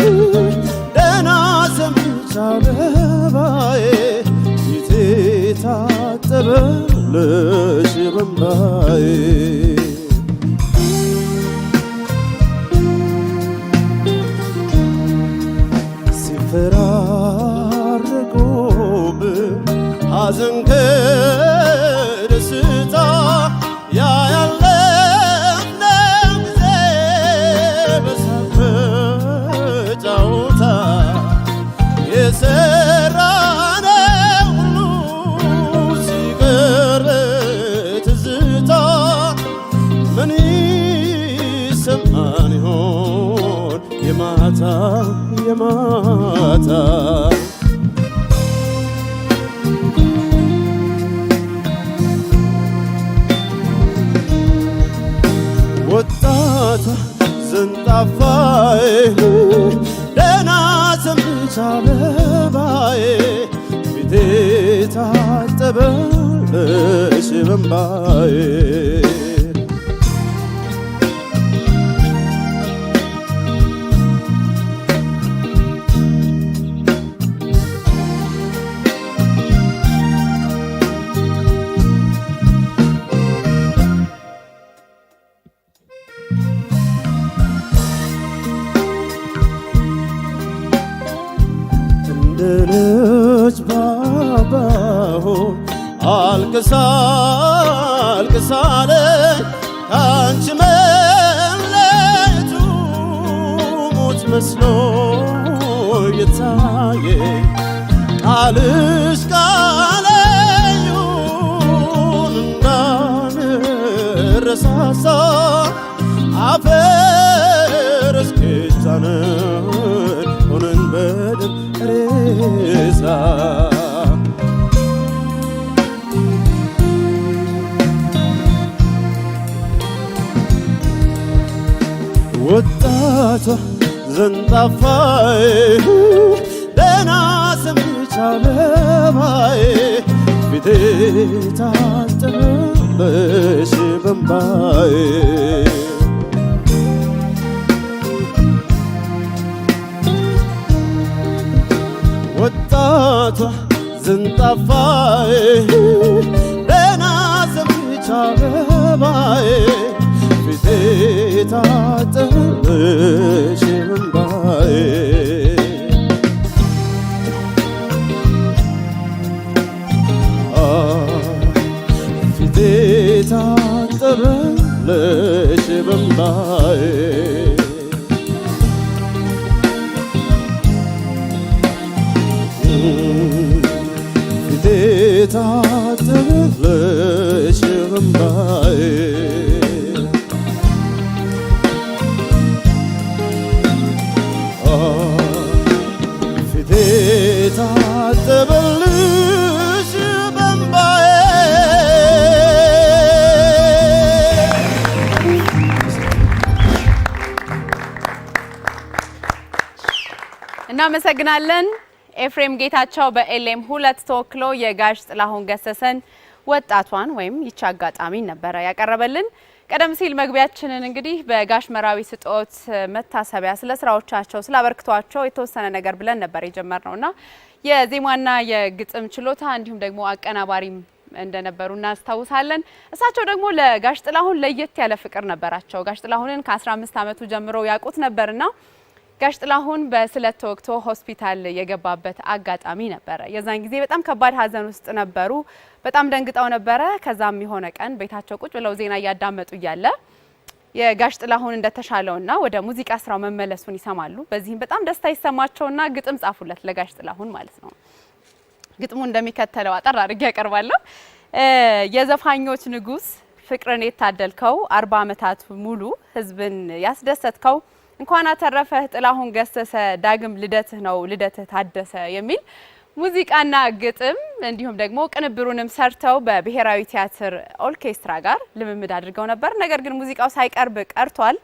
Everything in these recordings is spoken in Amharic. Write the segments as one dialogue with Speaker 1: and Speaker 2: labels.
Speaker 1: ደህና ሰምቻ አበባዬ ፊቴ ታጠበ ልሽ ሲፈራረቁብ ሐዘን ማታ ስንጣፋ ይሁን ደህና ሰምቻ አበባዬ ፊቴ ታጠበ እሽ አልቅሳ አልቅሳለ አንቺ መለቱ ሞት መስሎ የታየ ቃልሽ ቃለዩን እንዳንረሳሳ አፈር እስኪጫነን ሆነን በደም ሬሳ መቶ ዘንጣፋዬ ደህና ሰምቻለማዬ ፊቴ ታጠበሽ በእምባዬ ወጣቷ ዘንጣፋዬ ደህና ሰምቻለማዬ ፊቴ ታጠብሽ እምባዬ ፊቴ ታጠብሽ እምባዬ ፊቴ ታጠብሽ እምባዬ
Speaker 2: እናመሰግናለን። ኤፍሬም ጌታቸው በኤልኤም ሁለት ተወክሎ የጋሽ ጥላሁን ገሰሰን ወጣቷን ወይም ይቺ አጋጣሚ ነበረ ያቀረበልን። ቀደም ሲል መግቢያችንን እንግዲህ በጋሽ መራዊ ስጦት መታሰቢያ ስለ ስራዎቻቸው ስላበርክቷቸው የተወሰነ ነገር ብለን ነበር የጀመርነው እና የዜማና የግጥም ችሎታ እንዲሁም ደግሞ አቀናባሪም እንደነበሩ እናስታውሳለን። እሳቸው ደግሞ ለጋሽ ጥላሁን ለየት ያለ ፍቅር ነበራቸው። ጋሽ ጥላሁንን ከ15 ዓመቱ ጀምሮ ያውቁት ነበርና ጋሽ ጥላሁን በስለት ተወግቶ ሆስፒታል የገባበት አጋጣሚ ነበረ። የዛን ጊዜ በጣም ከባድ ሀዘን ውስጥ ነበሩ። በጣም ደንግጠው ነበረ። ከዛም የሆነ ቀን ቤታቸው ቁጭ ብለው ዜና እያዳመጡ እያለ የጋሽ ጥላሁን እንደተሻለውና ወደ ሙዚቃ ስራው መመለሱን ይሰማሉ። በዚህም በጣም ደስታ ይሰማቸውና ግጥም ጻፉለት ለጋሽ ጥላሁን ማለት ነው። ግጥሙ እንደሚከተለው አጠር አድርጌ ያቀርባለሁ። የዘፋኞች ንጉስ ፍቅርን የታደልከው አርባ ዓመታት ሙሉ ህዝብን ያስደሰትከው እንኳን አተረፈህ ጥላሁን ገሰሰ ዳግም ልደትህ ነው ልደትህ ታደሰ የሚል ሙዚቃና ግጥም እንዲሁም ደግሞ ቅንብሩንም ሰርተው በብሔራዊ ቲያትር ኦርኬስትራ ጋር ልምምድ አድርገው ነበር። ነገር ግን ሙዚቃው ሳይቀርብ ቀርቷል።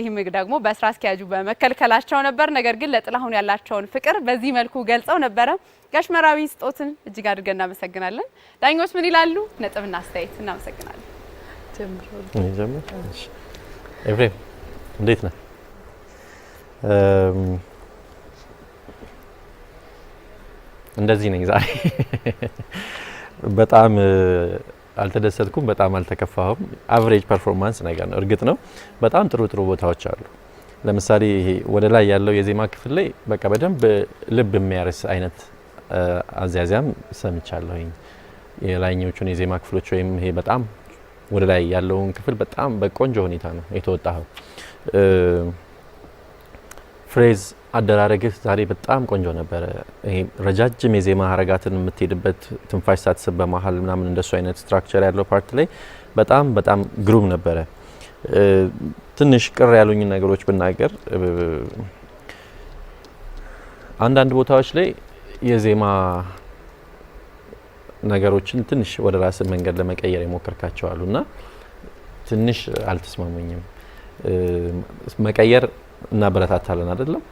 Speaker 2: ይህም ደግሞ በስራ አስኪያጁ በመከልከላቸው ነበር። ነገር ግን ለጥላሁን ያላቸውን ፍቅር በዚህ መልኩ ገልጸው ነበረ። ጋሽመራዊ ስጦትን እጅግ አድርገን እናመሰግናለን። ዳኞች ምን ይላሉ? ነጥብና አስተያየት እናመሰግናለን።
Speaker 3: ኤፍሬም እንዴት ነህ? እንደዚህ ነኝ ዛሬ። በጣም አልተደሰትኩም፣ በጣም አልተከፋሁም። አቨሬጅ ፐርፎርማንስ ነገር ነው። እርግጥ ነው በጣም ጥሩ ጥሩ ቦታዎች አሉ። ለምሳሌ ይሄ ወደ ላይ ያለው የዜማ ክፍል ላይ በቃ በደንብ ልብ የሚያርስ አይነት አዚያዚያም ሰምቻለሁኝ። የላይኞቹን የዜማ ክፍሎች ወይም ይሄ በጣም ወደ ላይ ያለውን ክፍል በጣም በቆንጆ ሁኔታ ነው የተወጣኸው። ፍሬዝ አደራረግህ ዛሬ በጣም ቆንጆ ነበረ። ረጃጅም የዜማ ሀረጋትን የምትሄድበት ትንፋሽ ሳትስብ በመሀል ምናምን እንደሱ አይነት ስትራክቸር ያለው ፓርት ላይ በጣም በጣም ግሩም ነበረ። ትንሽ ቅር ያሉኝ ነገሮች ብናገር አንዳንድ ቦታዎች ላይ የዜማ ነገሮችን ትንሽ ወደ ራስ መንገድ ለመቀየር የሞከርካቸው አሉ እና ትንሽ አልተስማሙኝም መቀየር እናበረታታለን አይደለም።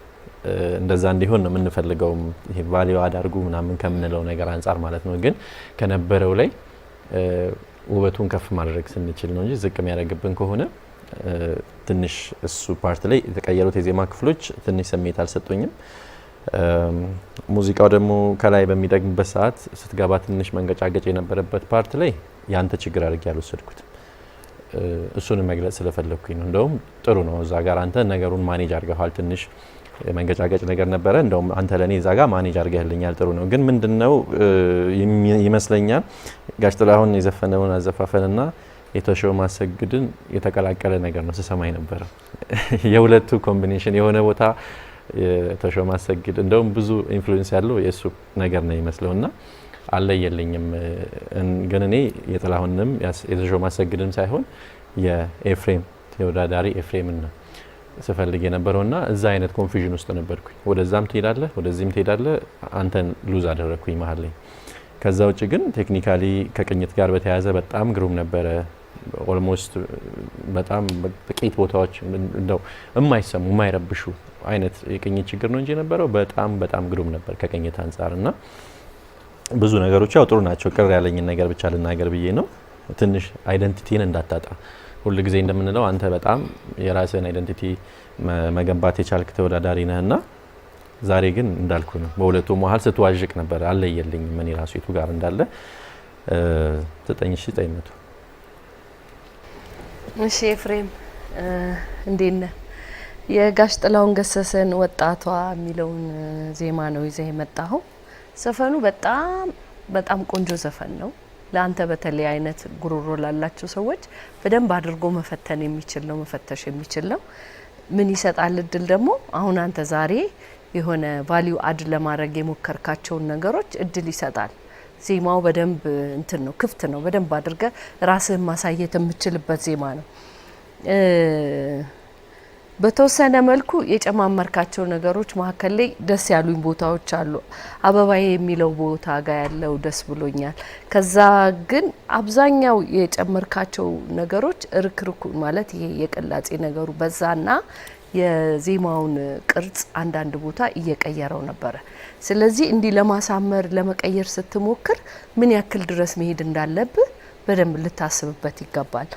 Speaker 3: እንደዛ እንዲሆን ነው የምንፈልገውም ይሄ ቫሊዩ አዳርጉ ምናምን ከምንለው ነገር አንጻር ማለት ነው። ግን ከነበረው ላይ ውበቱን ከፍ ማድረግ ስንችል ነው እንጂ ዝቅ የሚያደርግብን ከሆነ ትንሽ እሱ ፓርት ላይ የተቀየሩት የዜማ ክፍሎች ትንሽ ስሜት አልሰጡኝም። ሙዚቃው ደግሞ ከላይ በሚደግምበት ሰዓት ስትገባ ትንሽ መንገጫገጭ የነበረበት ፓርት ላይ ያንተ ችግር አድርጌ ያልወሰድኩት እሱን መግለጽ ስለፈለግኩኝ ነው። እንደውም ጥሩ ነው። እዛ ጋር አንተ ነገሩን ማኔጅ አድርገሃል። ትንሽ መንገጫገጭ ነገር ነበረ። እንደውም አንተ ለእኔ እዛ ጋር ማኔጅ አድርገህልኛል። ጥሩ ነው። ግን ምንድን ነው ይመስለኛል ጋሽ ጥላሁን የዘፈነውን አዘፋፈንና የተሾመ አሰግድን የተቀላቀለ ነገር ነው ስሰማኝ ነበረ። የሁለቱ ኮምቢኔሽን የሆነ ቦታ የተሾመ አሰግድ እንደውም ብዙ ኢንፍሉዌንስ ያለው የእሱ ነገር ነው ይመስለውና አለየልኝም ግን እኔ የጥላሁንም የተሾመ ማሰግድም ሳይሆን የኤፍሬም ተወዳዳሪ ኤፍሬምን ነው ስፈልግ ና እዛ አይነት ኮንፊዥን ውስጥ ነበርኩኝ። ወደዛም ትሄዳለ ወደዚህም ትሄዳለ አንተን ሉዝ አደረግኩኝ መሀል ላይ። ከዛ ውጭ ግን ቴክኒካሊ ከቅኝት ጋር በተያያዘ በጣም ግሩም ነበረ። ኦልሞስት በጣም ጥቂት ቦታዎች እንደው የማይሰሙ የማይረብሹ አይነት የቅኝት ችግር ነው እንጂ የነበረው በጣም በጣም ግሩም ነበር ከቅኝት አንጻር እና ብዙ ነገሮች ያው ጥሩ ናቸው። ቅር ያለኝን ነገር ብቻ ልናገር ብዬ ነው። ትንሽ አይደንቲቲን እንዳታጣ ሁል ጊዜ እንደምንለው አንተ በጣም የራስህን አይደንቲቲ መገንባት የቻልክ ተወዳዳሪ ነህና ዛሬ ግን እንዳልኩ ነው። በሁለቱ መሀል ስትዋዥቅ ነበር፣ አለየልኝ ምን የራሱ የቱ ጋር እንዳለ ዘጠኝ ሺ ዘጠኝ መቶ
Speaker 4: እሺ። ኤፍሬም እንዴት ነህ? የጋሽ ጥላውን ገሰሰን ወጣቷ የሚለውን ዜማ ነው ይዘህ የመጣኸው። ዘፈኑ በጣም በጣም ቆንጆ ዘፈን ነው። ለአንተ በተለይ አይነት ጉሮሮ ላላቸው ሰዎች በደንብ አድርጎ መፈተን የሚችል ነው፣ መፈተሽ የሚችል ነው። ምን ይሰጣል እድል ደግሞ አሁን አንተ ዛሬ የሆነ ቫሊዩ አድ ለማድረግ የሞከርካቸውን ነገሮች እድል ይሰጣል። ዜማው በደንብ እንትን ነው፣ ክፍት ነው። በደንብ አድርገ ራስህን ማሳየት የምችልበት ዜማ ነው። በተወሰነ መልኩ የጨማመርካቸው ነገሮች መካከል ላይ ደስ ያሉኝ ቦታዎች አሉ። አበባዬ የሚለው ቦታ ጋር ያለው ደስ ብሎኛል። ከዛ ግን አብዛኛው የጨመርካቸው ነገሮች እርክርኩ ማለት ይሄ የቅላጼ ነገሩ በዛና የዜማውን ቅርጽ አንዳንድ ቦታ እየቀየረው ነበረ። ስለዚህ እንዲህ ለማሳመር ለመቀየር ስትሞክር ምን ያክል ድረስ መሄድ እንዳለብህ በደንብ ልታስብበት ይገባል።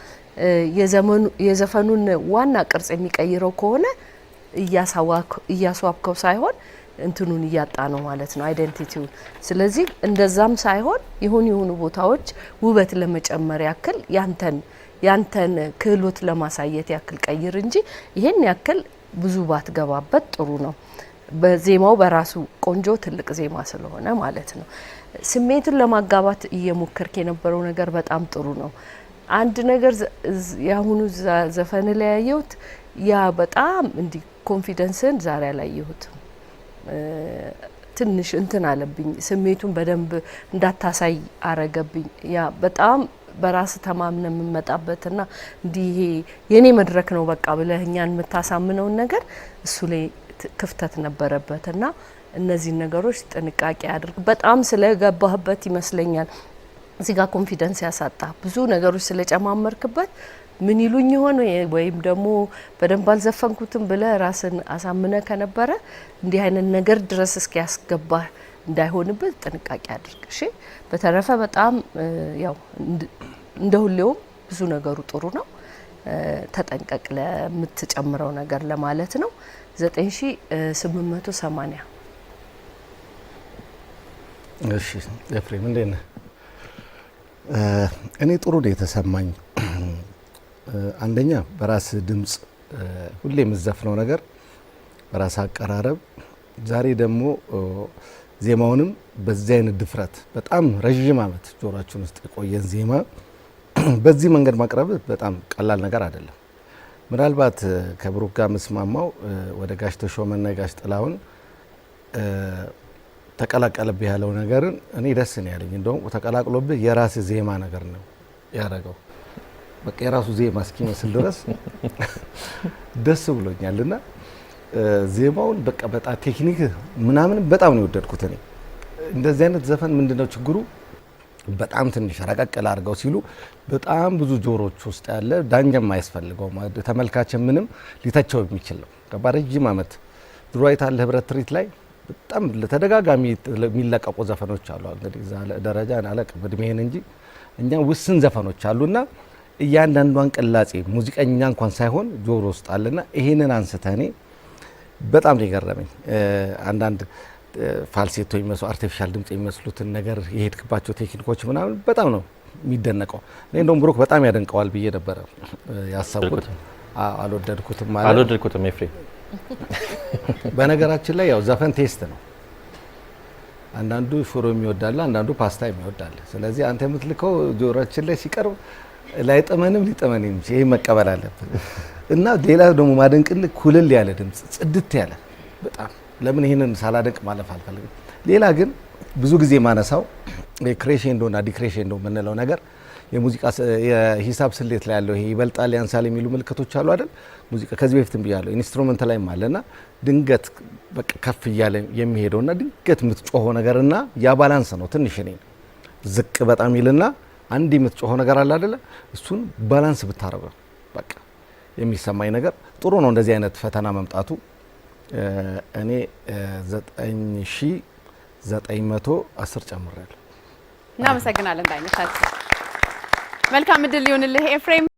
Speaker 4: የዘፈኑን ዋና ቅርጽ የሚቀይረው ከሆነ እያስዋብከው ሳይሆን እንትኑን እያጣ ነው ማለት ነው አይደንቲቲውን ስለዚህ እንደዛም ሳይሆን የሆኑ የሆኑ ቦታዎች ውበት ለመጨመር ያክል ያንተን ያንተን ክህሎት ለማሳየት ያክል ቀይር እንጂ ይሄን ያክል ብዙ ባትገባበት ጥሩ ነው። በዜማው በራሱ ቆንጆ ትልቅ ዜማ ስለሆነ ማለት ነው። ስሜቱን ለማጋባት እየሞከርክ የነበረው ነገር በጣም ጥሩ ነው። አንድ ነገር የአሁኑ ዘፈን ላይ ያየሁት ያ በጣም እንዲ ኮንፊደንስን ዛሬ አላየሁትም። ትንሽ እንትን አለብኝ፣ ስሜቱን በደንብ እንዳታሳይ አረገብኝ። ያ በጣም በራስ ተማምነ የምንመጣበትና እንዲህ ይሄ የእኔ መድረክ ነው በቃ ብለህ እኛን የምታሳምነውን ነገር እሱ ላይ ክፍተት ነበረበትና እነዚህን ነገሮች ጥንቃቄ አድርግ። በጣም ስለገባህበት ይመስለኛል እዚህ ጋር ኮንፊደንስ ያሳጣ ብዙ ነገሮች ስለጨማመርክበት ምን ይሉኝ ይሆን ወይም ደግሞ በደንብ አልዘፈንኩትም ብለ ራስን አሳምነ ከነበረ እንዲህ አይነት ነገር ድረስ እስኪያስገባ እንዳይሆንበት ጥንቃቄ አድርግ። እሺ። በተረፈ በጣም ያው እንደ ሁሌውም ብዙ ነገሩ ጥሩ ነው። ተጠንቀቅ ለምትጨምረው ነገር ለማለት ነው። 9880
Speaker 5: እሺ። ኤፍሬም እንዴት ነህ? እኔ ጥሩ ነው የተሰማኝ። አንደኛ በራስ ድምፅ ሁሌ የምዘፍነው ነገር በራስ አቀራረብ፣ ዛሬ ደግሞ ዜማውንም በዚህ አይነት ድፍረት በጣም ረዥም ዓመት ጆሯችን ውስጥ የቆየን ዜማ በዚህ መንገድ ማቅረብ በጣም ቀላል ነገር አይደለም። ምናልባት ከብሩክ ጋር ምስማማው ወደ ጋሽ ተሾመና ጋሽ ጥላሁን ተቀላቀለብህ ያለው ነገርን እኔ ደስ ነው ያለኝ። እንደውም ተቀላቅሎብህ የራስ ዜማ ነገር ነው ያደረገው። በቃ የራሱ ዜማ እስኪመስል ድረስ ደስ ብሎኛል። እና ዜማውን በቃ በጣም ቴክኒክ ምናምን በጣም ነው የወደድኩት። እኔ እንደዚህ አይነት ዘፈን ምንድነው ችግሩ? በጣም ትንሽ ረቀቅል አድርገው ሲሉ በጣም ብዙ ጆሮች ውስጥ ያለ ዳኛም አያስፈልገውም። ተመልካችን ምንም ሊተቸው የሚችል ነው። ረጅም አመት ድሮ አይታለ ህብረት ትርኢት ላይ በጣም ለተደጋጋሚ የሚለቀቁ ዘፈኖች አሉ። እንግዲህ ዛ ደረጃ አላውቅም እድሜህን እንጂ እኛ ውስን ዘፈኖች አሉና እያንዳንዷን ቅላጼ ሙዚቀኛ እንኳን ሳይሆን ጆሮ ውስጥ አለና ይሄንን አንስተ እኔ በጣም ሊገረመኝ አንዳንድ ፋልሴቶ የሚመስሉ አርቲፊሻል ድምጽ የሚመስሉትን ነገር የሄድክባቸው ቴክኒኮች ምናምን በጣም ነው የሚደነቀው። እኔ እንደውም ብሩክ በጣም ያደንቀዋል ብዬ ነበረ ያሰብኩት።
Speaker 3: አልወደድኩትም አልወደድኩትም ኤፍሬም
Speaker 5: በነገራችን ላይ ያው ዘፈን ቴስት ነው። አንዳንዱ ሽሮ የሚወዳለ፣ አንዳንዱ ፓስታ የሚወዳለ። ስለዚህ አንተ የምትልከው ጆሮችን ላይ ሲቀርብ ላይጠመንም ሊጠመን ሊጥመንም ይህ መቀበል አለብን እና ሌላ ደግሞ ማደንቅል ኩልል ያለ ድምፅ ጽድት ያለ በጣም ለምን ይህንን ሳላደንቅ ማለፍ አልፈልግም። ሌላ ግን ብዙ ጊዜ ማነሳው ክሬሼንዶ እና ዲክሬሼንዶ የምንለው ነገር የሙዚቃ የሂሳብ ስሌት ላይ ያለው ይሄ ይበልጣል ያንሳል የሚሉ ምልክቶች አሉ አይደል? ሙዚቃ ከዚህ በፊትም ብያለሁ፣ ኢንስትሩመንት ላይም አለና ድንገት በቃ ከፍ እያለ የሚሄደውና ድንገት የምትጮኸው ነገርና ያ ባላንስ ነው። ትንሽ እኔ ዝቅ በጣም ይልና አንድ የምትጮኸው ነገር አለ አይደለ? እሱን ባላንስ ብታረገው በቃ የሚሰማኝ ነገር ጥሩ ነው። እንደዚህ አይነት ፈተና መምጣቱ እኔ ዘጠኝ ሺ ዘጠኝ መቶ አስር ጨምሬያለሁ።
Speaker 2: እናመሰግናለን ዳኝታችን። መልካም እድል ሊሆንልህ ኤፍሬም።